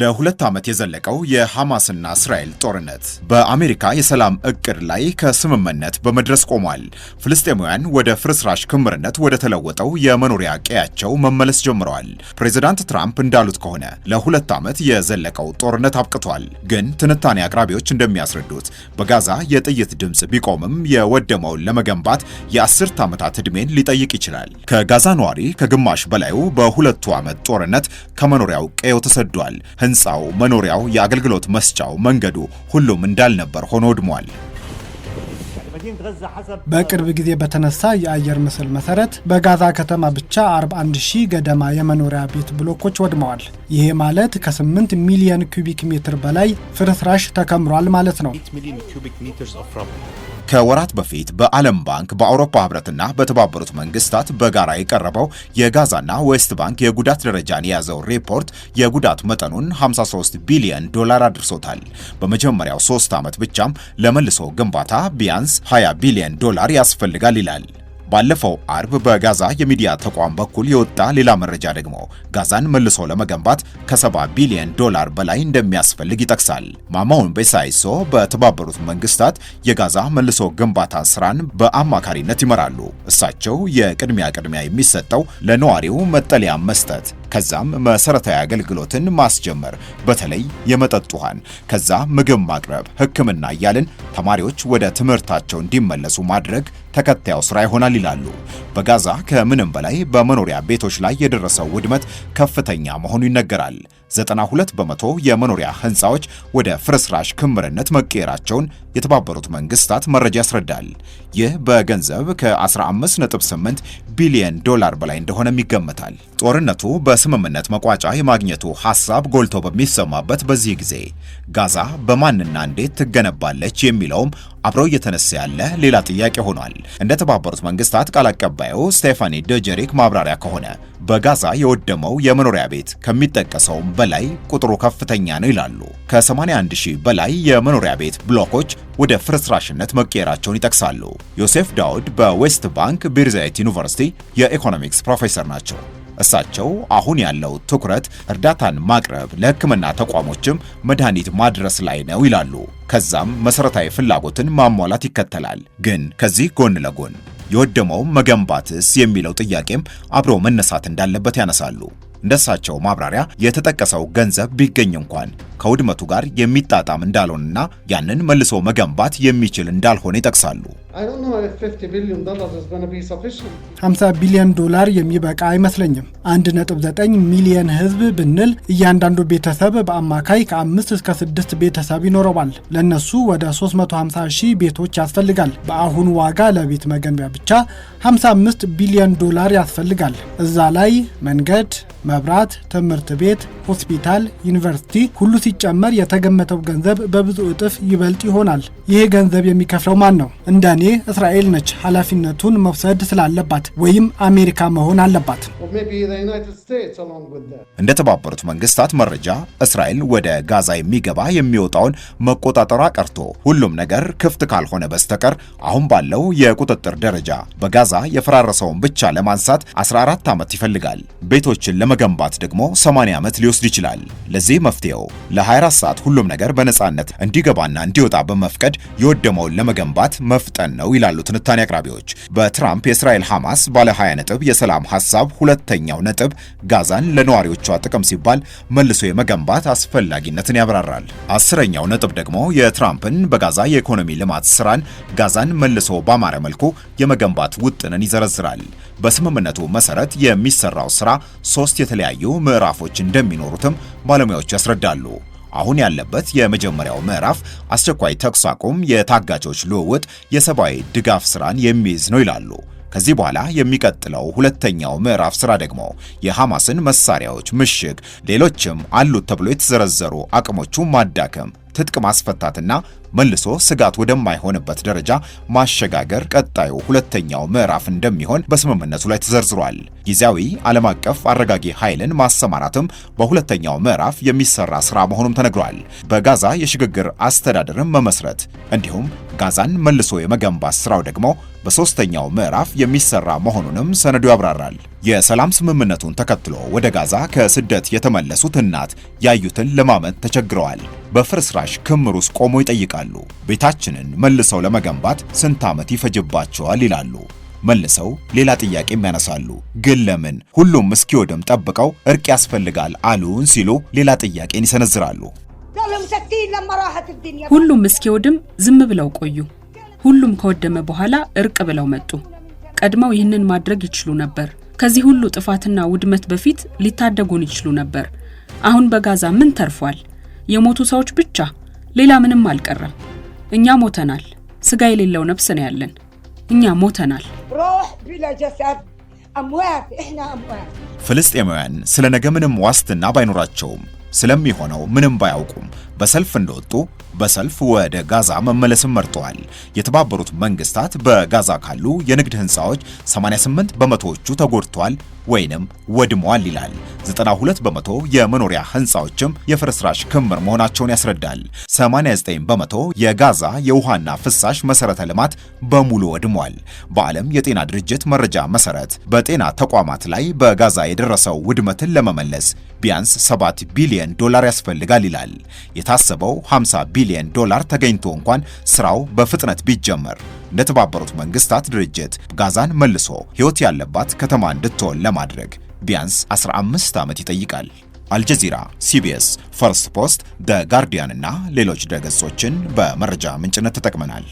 ለሁለት ዓመት የዘለቀው የሐማስና እስራኤል ጦርነት በአሜሪካ የሰላም እቅድ ላይ ከስምምነት በመድረስ ቆሟል። ፍልስጤማውያን ወደ ፍርስራሽ ክምርነት ወደ ተለወጠው የመኖሪያ ቀያቸው መመለስ ጀምረዋል። ፕሬዚዳንት ትራምፕ እንዳሉት ከሆነ ለሁለት ዓመት የዘለቀው ጦርነት አብቅቷል። ግን ትንታኔ አቅራቢዎች እንደሚያስረዱት በጋዛ የጥይት ድምፅ ቢቆምም የወደመውን ለመገንባት የአስርት ዓመታት ዕድሜን ሊጠይቅ ይችላል። ከጋዛ ነዋሪ ከግማሽ በላዩ በሁለቱ ዓመት ጦርነት ከመኖሪያው ቀየው ተሰዷል። ህንፃው፣ መኖሪያው፣ የአገልግሎት መስጫው፣ መንገዱ ሁሉም እንዳልነበር ሆኖ ወድሟል። በቅርብ ጊዜ በተነሳ የአየር ምስል መሰረት በጋዛ ከተማ ብቻ 41 ሺህ ገደማ የመኖሪያ ቤት ብሎኮች ወድመዋል። ይሄ ማለት ከ8 ሚሊዮን ኩቢክ ሜትር በላይ ፍርስራሽ ተከምሯል ማለት ነው። ከወራት በፊት በዓለም ባንክ በአውሮፓ ህብረትና በተባበሩት መንግስታት በጋራ የቀረበው የጋዛና ዌስት ባንክ የጉዳት ደረጃን የያዘው ሪፖርት የጉዳት መጠኑን 53 ቢሊዮን ዶላር አድርሶታል። በመጀመሪያው ሶስት ዓመት ብቻም ለመልሶ ግንባታ ቢያንስ 20 ቢሊዮን ዶላር ያስፈልጋል ይላል። ባለፈው አርብ በጋዛ የሚዲያ ተቋም በኩል የወጣ ሌላ መረጃ ደግሞ ጋዛን መልሶ ለመገንባት ከ70 ቢሊዮን ዶላር በላይ እንደሚያስፈልግ ይጠቅሳል። ማማውን ቤሳይሶ በተባበሩት መንግስታት የጋዛ መልሶ ግንባታ ስራን በአማካሪነት ይመራሉ። እሳቸው የቅድሚያ ቅድሚያ የሚሰጠው ለነዋሪው መጠለያ መስጠት ከዛም መሰረታዊ አገልግሎትን ማስጀመር በተለይ የመጠጥ ውሃን፣ ከዛ ምግብ ማቅረብ፣ ሕክምና እያልን ተማሪዎች ወደ ትምህርታቸው እንዲመለሱ ማድረግ ተከታዩ ስራ ይሆናል ይላሉ። በጋዛ ከምንም በላይ በመኖሪያ ቤቶች ላይ የደረሰው ውድመት ከፍተኛ መሆኑ ይነገራል። 92 በመቶ የመኖሪያ ህንፃዎች ወደ ፍርስራሽ ክምርነት መቀየራቸውን የተባበሩት መንግስታት መረጃ ያስረዳል። ይህ በገንዘብ ከ15.8 ቢሊዮን ዶላር በላይ እንደሆነም ይገመታል። ጦርነቱ በስምምነት መቋጫ የማግኘቱ ሐሳብ ጎልቶ በሚሰማበት በዚህ ጊዜ ጋዛ በማንና እንዴት ትገነባለች የሚለውም አብረው እየተነሳ ያለ ሌላ ጥያቄ ሆኗል። እንደ ተባበሩት መንግስታት ቃል አቀባዩ ስቴፋኒ ደጀሪክ ማብራሪያ ከሆነ በጋዛ የወደመው የመኖሪያ ቤት ከሚጠቀሰውም በላይ ቁጥሩ ከፍተኛ ነው ይላሉ። ከ81 ሺህ በላይ የመኖሪያ ቤት ብሎኮች ወደ ፍርስራሽነት መቀየራቸውን ይጠቅሳሉ። ዮሴፍ ዳውድ በዌስት ባንክ ቢርዛይት ዩኒቨርሲቲ የኢኮኖሚክስ ፕሮፌሰር ናቸው። እሳቸው አሁን ያለው ትኩረት እርዳታን ማቅረብ ለሕክምና ተቋሞችም መድኃኒት ማድረስ ላይ ነው ይላሉ። ከዛም መሰረታዊ ፍላጎትን ማሟላት ይከተላል። ግን ከዚህ ጎን ለጎን የወደመው መገንባትስ የሚለው ጥያቄም አብሮ መነሳት እንዳለበት ያነሳሉ። እንደሳቸው ማብራሪያ የተጠቀሰው ገንዘብ ቢገኝ እንኳን ከውድመቱ ጋር የሚጣጣም እንዳልሆነና ያንን መልሶ መገንባት የሚችል እንዳልሆነ ይጠቅሳሉ። 50 ቢሊዮን ዶላር የሚበቃ አይመስለኝም። 1.9 ሚሊዮን ህዝብ ብንል እያንዳንዱ ቤተሰብ በአማካይ ከ5 እስከ 6 ቤተሰብ ይኖረዋል። ለእነሱ ወደ 350 ሺህ ቤቶች ያስፈልጋል። በአሁኑ ዋጋ ለቤት መገንቢያ ብቻ 55 ቢሊዮን ዶላር ያስፈልጋል። እዛ ላይ መንገድ መብራት፣ ትምህርት ቤት፣ ሆስፒታል፣ ዩኒቨርሲቲ ሁሉ ሲጨመር የተገመተው ገንዘብ በብዙ እጥፍ ይበልጥ ይሆናል። ይህ ገንዘብ የሚከፍለው ማን ነው? እንደ እኔ እስራኤል ነች ኃላፊነቱን መውሰድ ስላለባት፣ ወይም አሜሪካ መሆን አለባት። እንደ ተባበሩት መንግስታት መረጃ እስራኤል ወደ ጋዛ የሚገባ የሚወጣውን መቆጣጠሯ ቀርቶ ሁሉም ነገር ክፍት ካልሆነ በስተቀር አሁን ባለው የቁጥጥር ደረጃ በጋዛ የፈራረሰውን ብቻ ለማንሳት 14 ዓመት ይፈልጋል ቤቶችን ለመገንባት ደግሞ 80 ዓመት ሊወስድ ይችላል። ለዚህ መፍትሄው ለ24 ሰዓት ሁሉም ነገር በነፃነት እንዲገባና እንዲወጣ በመፍቀድ የወደመውን ለመገንባት መፍጠን ነው ይላሉ ትንታኔ አቅራቢዎች። በትራምፕ የእስራኤል ሐማስ ባለ 20 ነጥብ የሰላም ሐሳብ ሁለተኛው ነጥብ ጋዛን ለነዋሪዎቿ ጥቅም ሲባል መልሶ የመገንባት አስፈላጊነትን ያብራራል። አስረኛው ነጥብ ደግሞ የትራምፕን በጋዛ የኢኮኖሚ ልማት ስራን ጋዛን መልሶ ባማረ መልኩ የመገንባት ውጥንን ይዘረዝራል። በስምምነቱ መሰረት የሚሰራው ስራ ሶስት የተለያዩ ምዕራፎች እንደሚኖሩትም ባለሙያዎች ያስረዳሉ። አሁን ያለበት የመጀመሪያው ምዕራፍ አስቸኳይ ተኩስ አቁም፣ የታጋቾች ልውውጥ፣ የሰብአዊ ድጋፍ ስራን የሚይዝ ነው ይላሉ። ከዚህ በኋላ የሚቀጥለው ሁለተኛው ምዕራፍ ስራ ደግሞ የሐማስን መሳሪያዎች፣ ምሽግ፣ ሌሎችም አሉት ተብሎ የተዘረዘሩ አቅሞቹ ማዳከም ትጥቅ ማስፈታትና መልሶ ስጋት ወደማይሆንበት ደረጃ ማሸጋገር ቀጣዩ ሁለተኛው ምዕራፍ እንደሚሆን በስምምነቱ ላይ ተዘርዝሯል። ጊዜያዊ ዓለም አቀፍ አረጋጊ ኃይልን ማሰማራትም በሁለተኛው ምዕራፍ የሚሰራ ስራ መሆኑም ተነግሯል። በጋዛ የሽግግር አስተዳደርም መመስረት እንዲሁም ጋዛን መልሶ የመገንባት ስራው ደግሞ በሦስተኛው ምዕራፍ የሚሰራ መሆኑንም ሰነዱ ያብራራል። የሰላም ስምምነቱን ተከትሎ ወደ ጋዛ ከስደት የተመለሱት እናት ያዩትን ለማመን ተቸግረዋል። በፍርስራሽ ክምር ውስጥ ቆሞ ይጠይቃሉ። ቤታችንን መልሰው ለመገንባት ስንት ዓመት ይፈጅባቸዋል ይላሉ። መልሰው ሌላ ጥያቄም ያነሳሉ። ግን ለምን ሁሉም እስኪወድም ጠብቀው እርቅ ያስፈልጋል አሉን ሲሉ ሌላ ጥያቄን ይሰነዝራሉ። ሁሉም እስኪወድም ዝም ብለው ቆዩ። ሁሉም ከወደመ በኋላ እርቅ ብለው መጡ። ቀድመው ይህንን ማድረግ ይችሉ ነበር። ከዚህ ሁሉ ጥፋትና ውድመት በፊት ሊታደጉን ይችሉ ነበር። አሁን በጋዛ ምን ተርፏል? የሞቱ ሰዎች ብቻ፣ ሌላ ምንም አልቀረም። እኛ ሞተናል። ስጋ የሌለው ነፍስ ነው ያለን። እኛ ሞተናል። ፍልስጤማውያን ስለ ነገ ምንም ዋስትና ባይኖራቸውም ስለሚሆነው ምንም ባያውቁም በሰልፍ እንደወጡ በሰልፍ ወደ ጋዛ መመለስን መርጠዋል። የተባበሩት መንግስታት በጋዛ ካሉ የንግድ ህንፃዎች 88 በመቶዎቹ ተጎድተዋል ወይንም ወድመዋል ይላል። 92 በመቶ የመኖሪያ ህንፃዎችም የፍርስራሽ ክምር መሆናቸውን ያስረዳል። 89 በመቶ የጋዛ የውሃና ፍሳሽ መሰረተ ልማት በሙሉ ወድሟል። በዓለም የጤና ድርጅት መረጃ መሰረት በጤና ተቋማት ላይ በጋዛ የደረሰው ውድመትን ለመመለስ ቢያንስ 7 ቢሊዮን ዶላር ያስፈልጋል ይላል። የታሰበው 50 ቢሊዮን ዶላር ተገኝቶ እንኳን ስራው በፍጥነት ቢጀመር እንደተባበሩት መንግስታት ድርጅት ጋዛን መልሶ ህይወት ያለባት ከተማ እንድትሆን ለማድረግ ቢያንስ 15 ዓመት ይጠይቃል። አልጀዚራ፣ ሲቢኤስ፣ ፈርስት ፖስት፣ ደ ጋርዲያን እና ሌሎች ድረገጾችን በመረጃ ምንጭነት ተጠቅመናል።